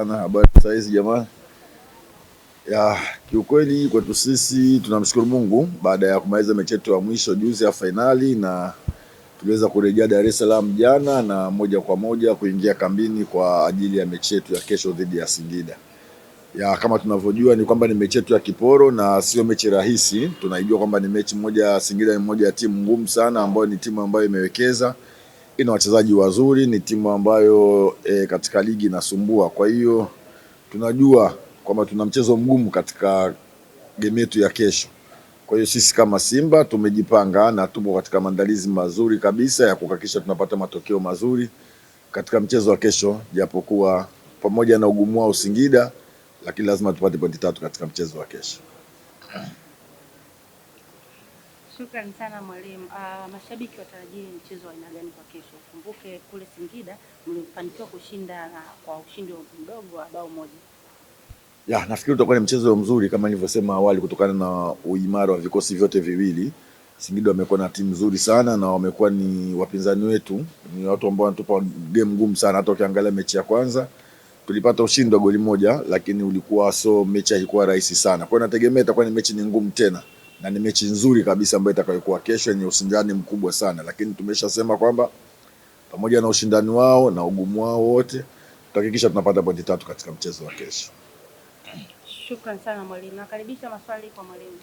Ana habari saa hizi jamani, ya kiukweli kwetu sisi tunamshukuru Mungu baada ya kumaliza mechi yetu ya mwisho juzi ya fainali, na tuliweza kurejea Dar es Salaam jana na moja kwa moja kuingia kambini kwa ajili ya mechi yetu ya kesho dhidi ya Singida. Ya kama tunavyojua ni kwamba ni mechi yetu ya kiporo na sio mechi rahisi. Tunaijua kwamba ni mechi moja, Singida ni moja ya timu ngumu sana, ambayo ni timu ambayo imewekeza ina wachezaji wazuri, ni timu ambayo e, katika ligi inasumbua. Kwa hiyo tunajua kwamba tuna mchezo mgumu katika game yetu ya kesho. Kwa hiyo sisi kama Simba tumejipanga na tupo katika maandalizi mazuri kabisa ya kuhakikisha tunapata matokeo mazuri katika mchezo wa kesho, japokuwa pamoja na ugumu wao Singida, lakini lazima tupate pointi tatu katika mchezo wa kesho. Shukrani sana mwalimu. Uh, mashabiki watarajie mchezo wa aina gani kwa kesho? Kumbuke kule Singida mlifanikiwa kushinda na kwa ushindi mdogo wa bao moja. Ya, nafikiri utakuwa ni mchezo mzuri kama nilivyosema awali, kutokana na uimara wa vikosi vyote viwili. Singida wamekuwa na timu nzuri sana na wamekuwa ni wapinzani wetu, ni watu ambao wanatupa game ngumu sana. Hata ukiangalia mechi ya kwanza tulipata ushindi wa goli moja, lakini ulikuwa so mechi haikuwa rahisi sana. Kwa hiyo nategemea itakuwa ni mechi ni ngumu tena na ni mechi nzuri kabisa ambayo itakayokuwa kesho yenye ushindani mkubwa sana, lakini tumeshasema kwamba pamoja na ushindani wao na ugumu wao wote tutahakikisha tunapata pointi tatu katika mchezo wa kesho. Shukrani sana mwalimu. Nakaribisha maswali kwa mwalimu.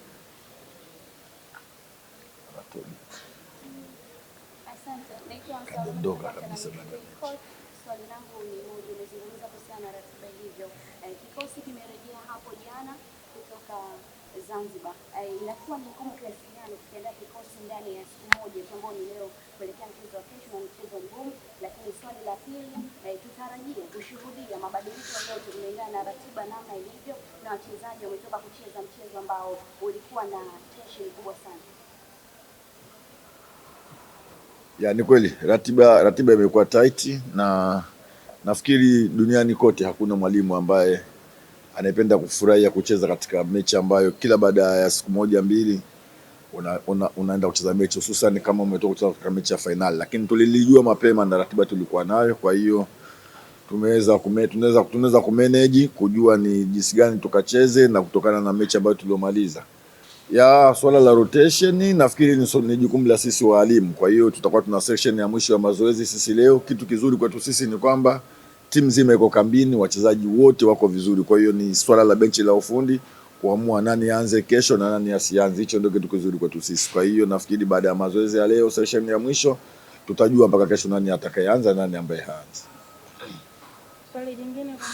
Swali langu ni moja, umezungumza kuhusiana na ratiba hivyo, eh, kikosi kimerejea hapo jana kutoka Zanzibar eh, inakuwa ni ngumu kiasi gani kukiandaa kikosi ndani ya siku moja, ambao ni leo kuelekea mchezo wa kesho na mchezo mgumu. Lakini swali la pili, eh, tutarajie kushuhudia mabadiliko yote kulingana na ratiba namna ilivyo, na wachezaji wametoka kucheza mchezo ambao ulikuwa na tension kubwa sana. Ya, ni kweli ratiba ratiba imekuwa tight na nafikiri duniani kote hakuna mwalimu ambaye anayependa kufurahia kucheza katika mechi ambayo kila baada ya siku moja mbili una, una, unaenda kucheza mechi hususan kama umetoka kucheza katika mechi ya fainali, lakini tulilijua mapema na ratiba tulikuwa nayo, kwa hiyo tumeweza tunaweza tunaweza kumanage kujua ni jinsi gani tukacheze na kutokana na mechi ambayo tuliomaliza. Ya swala la rotation nafikiri ni, ni jukumu la sisi waalimu, kwa hiyo tutakuwa tuna session ya mwisho ya mazoezi sisi leo. Kitu kizuri kwetu sisi ni kwamba timu nzima iko kambini, wachezaji wote wako vizuri. Kwa hiyo ni swala la benchi la ufundi kuamua nani aanze kesho na nani asianze. Hicho ndio kitu kizuri kwetu sisi. Kwa hiyo nafikiri baada ya mazoezi ya leo, session ya mwisho, tutajua mpaka kesho nani atakayeanza, nani ambaye haanzi. Swali jingine kwa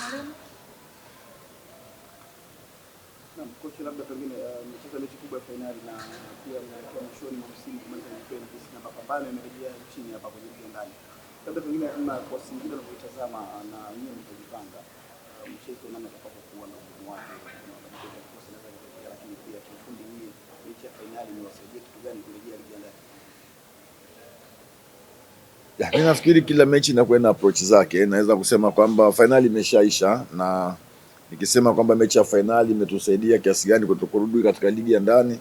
mwalimu kocha, labda pengine uh, mcheza mechi kubwa ya fainali na pia mnaelekea mwishoni mwa msimu kumaliza na mapambano yamerejea chini hapa kwenye ndani labda pengine na kwa Singida unavyoitazama ah, na yeye mlivyojipanga ah, mchezo namna kuwa na ugumu wake lakini pia kiufundi hii mechi ya fainali imewasaidia kitu gani kurejea ligi ya ndani? Mimi nafikiri kila mechi inakuwa na approach zake. Naweza kusema kwamba fainali imeshaisha, na nikisema kwamba mechi ya fainali imetusaidia kiasi gani kutokurudi katika ligi ya ndani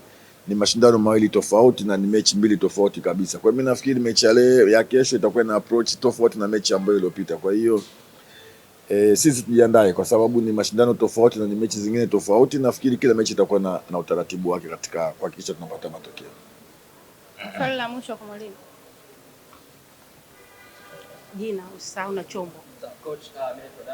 ni mashindano mawili tofauti na ni mechi mbili tofauti kabisa. Kwa hiyo mimi nafikiri mechi ya leo ya kesho itakuwa na approach tofauti na mechi ambayo iliyopita. Kwa hiyo e, eh, sisi tujiandae kwa sababu ni mashindano tofauti na ni mechi zingine tofauti. Nafikiri kila mechi itakuwa na, na utaratibu wake katika kuhakikisha tunapata matokeo. Swali la mwisho kwa mwalimu. Jina usahau na chombo. Coach, uh,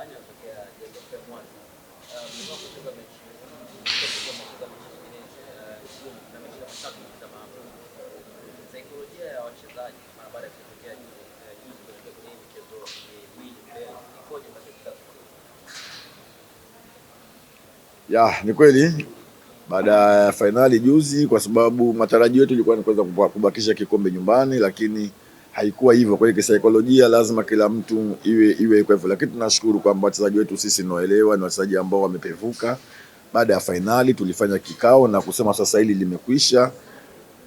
Ya, ni kweli baada ya fainali juzi, kwa sababu matarajio yetu ilikuwa ni kuweza kubakisha kikombe nyumbani, lakini haikuwa hivyo. Kwa hiyo kisaikolojia, lazima kila mtu iwe iwe iko hivyo, lakini tunashukuru kwamba wachezaji wetu sisi naelewa ni wachezaji ambao wamepevuka. Baada ya fainali tulifanya kikao na kusema sasa hili limekwisha.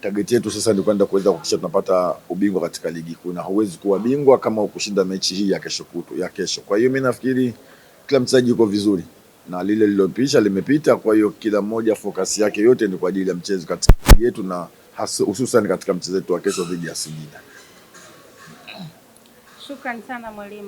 Target yetu sasa ni kwenda kuweza kuhakikisha tunapata ubingwa katika ligi kuu, na huwezi kuwa bingwa kama ukushinda mechi hii ya kesho kutu, ya kesho. Kwa hiyo mimi nafikiri kila mchezaji yuko vizuri na lile lilopisha limepita. Kwa hiyo kila mmoja focus yake yote ni kwa ajili ya mchezo kati yetu na hususan katika mchezo wetu wa kesho dhidi ya Singida. Shukrani sana mwalimu.